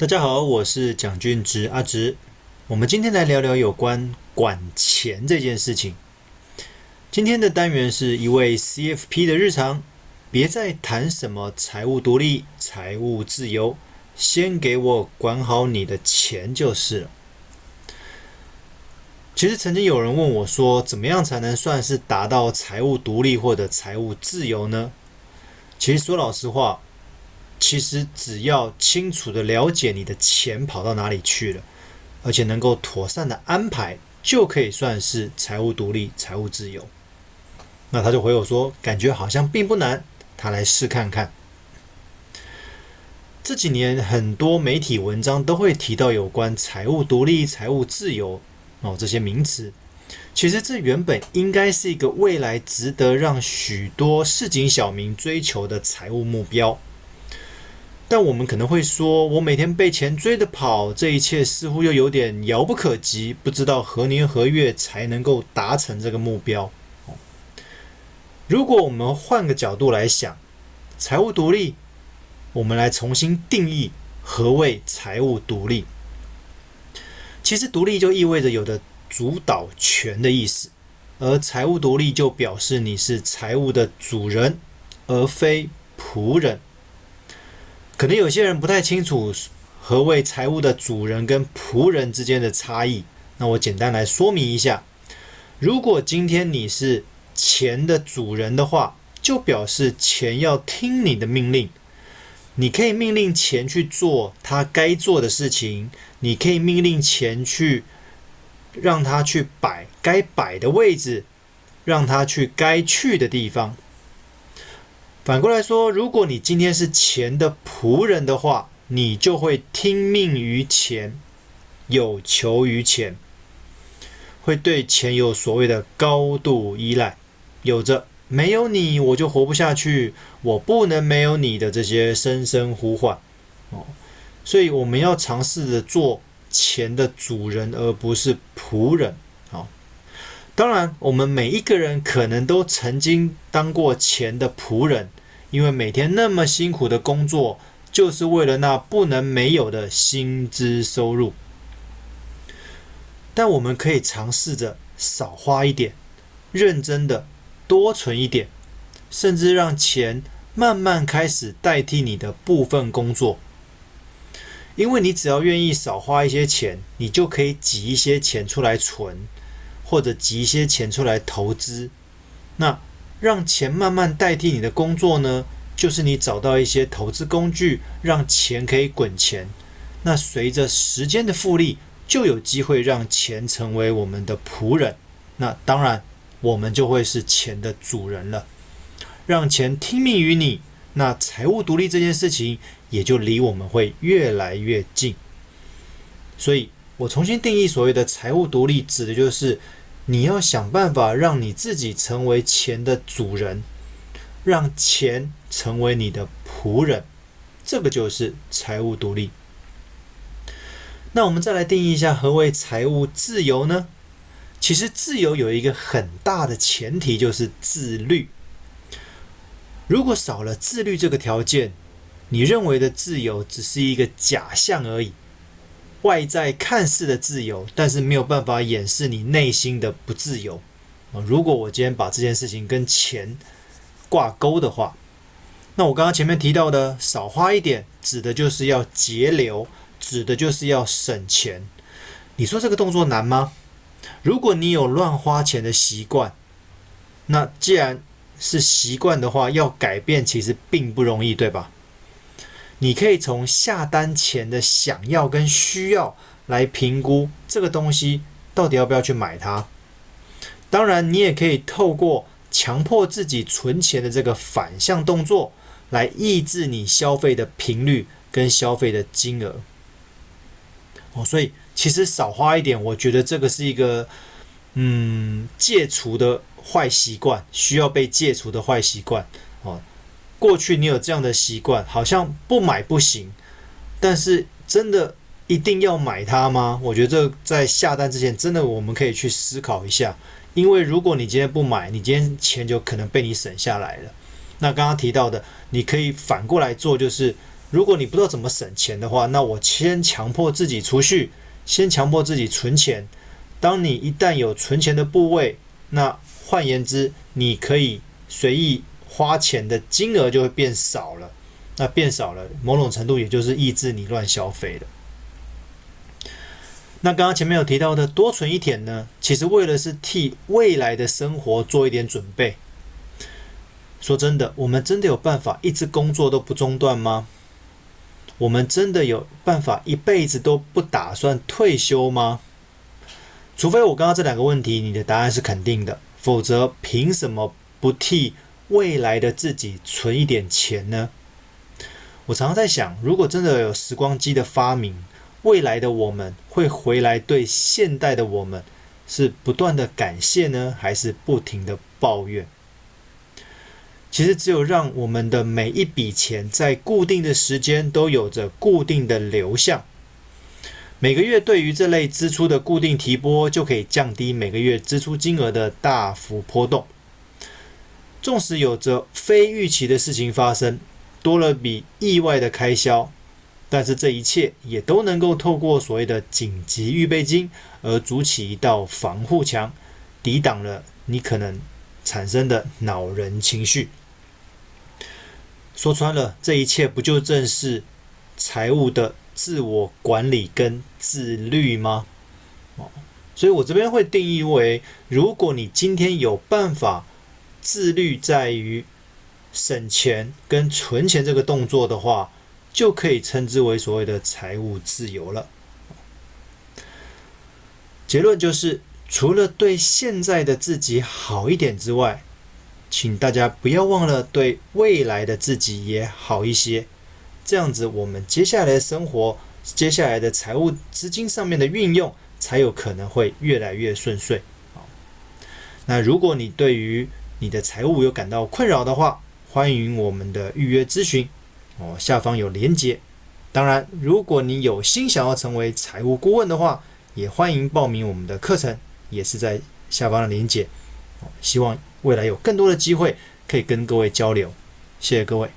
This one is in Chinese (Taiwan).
大家好，我是蔣俊之阿直。我們今天來聊聊有關管錢這件事情。今天的單元是一位 CFP 的日常。別再談什麼財務獨立、財務自由，先給我管好你的錢就是了。其實曾經有人問我說，怎麼樣才能算是達到財務獨立或者財務自由呢？其實說老實話，其實只要清楚的了解你的錢跑到哪裡去了，而且能夠妥善的安排，就可以算是財務獨立、財務自由。那他就回我說，感覺好像並不難，他來試看看。這幾年很多媒體文章都會提到有關財務獨立、財務自由，哦，這些名詞。其實這原本應該是一個未來值得讓許多市井小民追求的財務目標。但我們可能會說，我每天被錢追着跑，這一切似乎又有點遙不可及，不知道何年何月才能夠達成這個目標。如果我們換個角度來想，財務獨立，我們來重新定義何謂財務獨立。其實，獨立就意味着有着主導權的意思，而財務獨立就表示你是財務的主人，而非僕人。可能有些人不太清楚，何謂財務的主人跟僕人之間的差異，那我簡單來說明一下。如果今天你是錢的主人的話，就表示錢要聽你的命令，你可以命令錢去做他該做的事情，你可以命令錢去讓他去擺該擺的位置，讓他去該去的地方。反過來說，如果你今天是錢的僕人的話，你就會聽命於錢，有求於錢，會對錢有所謂的高度依賴，有着沒有你我就活不下去，我不能沒有你的這些深深呼喚。哦，所以我們要嘗試着做錢的主人，而不是僕人。當然，我們每一個人可能都曾經當過錢的僕人，因為每天那麼辛苦的工作，就是為了那不能沒有的薪資收入。但我們可以嘗試着少花一點，認真的多存一點，甚至讓錢慢慢開始代替你的部分工作。因為你只要願意少花一些錢，你就可以擠一些錢出來存。或者擠一些錢出來投資，那讓錢慢慢代替你的工作呢？就是你找到一些投資工具，讓錢可以滾錢。那隨着時間的複利，就有機會讓錢成為我們的僕人。那當然，我們就會是錢的主人了，讓錢聽命於你。那財務獨立這件事情，也就離我們會越來越近。所以我重新定義所謂的財務獨立，指的就是。你要想辦法讓你自己成為錢的主人，讓錢成為你的僕人，這個就是財務獨立。那我們再來定義一下何為財務自由呢？其實自由有一個很大的前提，就是自律。如果少了自律這個條件，你認為的自由只是一個假象而已。外在看似的自由，但是沒有辦法掩飾你內心的不自由。啊，如果我今天把這件事情跟錢掛鈎的話，那我剛剛前面提到的少花一點，指的就是要節流，指的就是要省錢。你說這個動作難嗎？如果你有亂花錢的習慣，那既然是習慣的話，要改變其實並不容易，對吧？你可以從下單前的想要跟需要來評估這個東西到底要不要去買它。當然，你也可以透過強迫自己存錢的這個反向動作，來抑制你消費的頻率跟消費的金額。哦，所以其實少花一點，我覺得這個是一個嗯，戒除的壞習慣，需要被戒除的壞習慣哦。過去你有這樣的習慣，好像不買不行，但是真的一定要買它嗎？我覺得這在下單之前，真的我們可以去思考一下，因為如果你今天不買，你今天錢就可能被你省下來了。那剛剛提到的，你可以反過來做，就是如果你不知道怎麼省錢的話，那我先強迫自己儲蓄，先強迫自己存錢。當你一旦有存錢的部位，那換言之，你可以隨意花錢的金額就會變少了，那變少了，某種程度也就是抑制你亂消費的。那剛剛前面有提到的多存一點呢，其實為了是替未來的生活做一點準備。說真的，我們真的有辦法一直工作都不中斷嗎？我們真的有辦法一輩子都不打算退休嗎？除非我剛剛這兩個問題，你的答案是肯定的，否則憑什麼不替？未來的自己存一點錢呢？我常常在想，如果真的有時光機的發明，未來的我們會回來對現代的我們是不斷的感謝呢，還是不停的抱怨？其實，只有讓我們的每一筆錢在固定的時間都有着固定的流向，每個月對於這類支出的固定提撥，就可以降低每個月支出金額的大幅波動。縱使有着非預期的事情發生，多了筆意外的開銷，但是這一切也都能夠透過所謂的緊急預備金而築起一道防護牆，抵擋了你可能產生的惱人情緒。說穿了，這一切不就正是財務的自我管理跟自律嗎？哦，所以我這邊會定義為，如果你今天有辦法。自律在於省錢跟存錢這個動作的話，就可以稱之為所謂的財務自由了。結論就是，除了對現在的自己好一點之外，請大家不要忘了對未來的自己也好一些。這樣子，我們接下來的生活，接下來的財務資金上面的運用，才有可能會越來越順遂。好，那如果你對於你的財務有感到困擾的話，歡迎我們的預約諮詢，哦，下方有連結。當然，如果你有心想要成為財務顧問的話，也歡迎報名我們的課程，也是在下方的連結。哦，希望未來有更多的機會可以跟各位交流，謝謝各位。